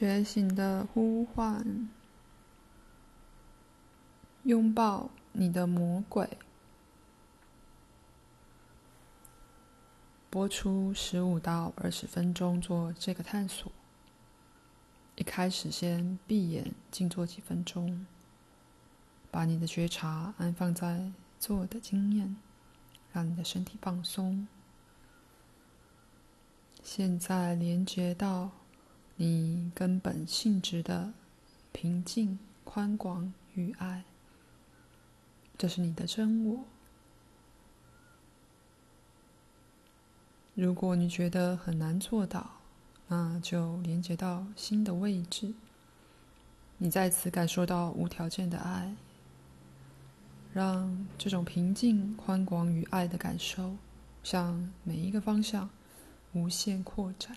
覺醒的呼喚，擁抱你的魔鬼。撥出十五到二十分鐘，做這個探索。一開始先閉眼靜坐幾分鐘，把你的覺察安放在坐的經驗，讓你的身體放鬆。現在連接到。你根本性質的平靜、寬廣與愛，這是你的真我。如果你覺得很難做到，那就連接到心的位置。你在此感受到無條件的愛，讓這種平靜、寬廣與愛的感受向每一個方向無限擴展。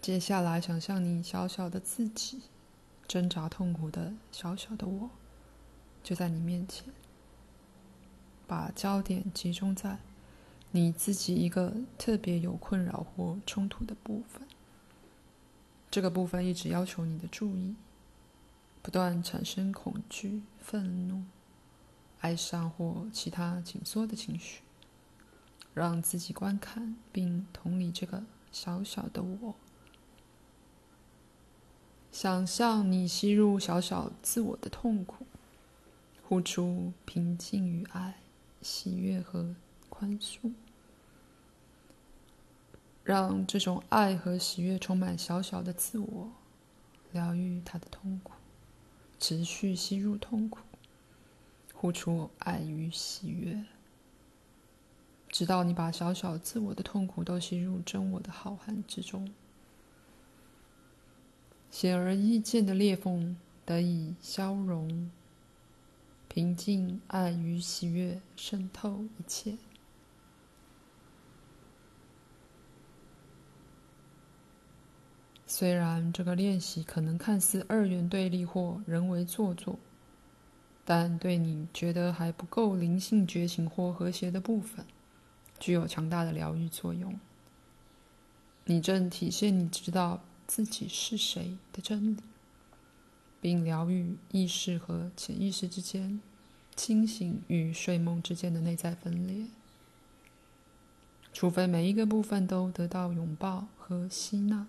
接下來，想象你小小的自己，掙扎痛苦的小小的我，就在你面前。把焦點集中在你自己一個特別有困擾或衝突的部分。這個部分一直要求你的注意，不斷產生恐懼、憤怒、哀傷或其他緊縮的情緒。讓自己觀看並同理這個小小的我。想象你吸入小小自我的痛苦，呼出平靜與愛、喜悅和寬恕。讓這種愛和喜悅充滿小小的自我，療癒它的痛苦。持續吸入痛苦，呼出愛與喜悅，直到你把小小自我的痛苦都吸入真我的浩瀚之中。顯而易見的裂縫得以消融，平靜、愛與喜悅滲透一切。雖然這個練習可能看似二元對立或人為做作，但對你覺得還不夠靈性覺醒或和諧的部分，具有強大的療愈作用。你正體現，你知道自己是誰的真理，並療癒意識和潛意識之間、清醒與睡夢之間的內在分裂。除非每一個部分都得到擁抱和吸納，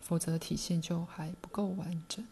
否則體現就還不夠完整。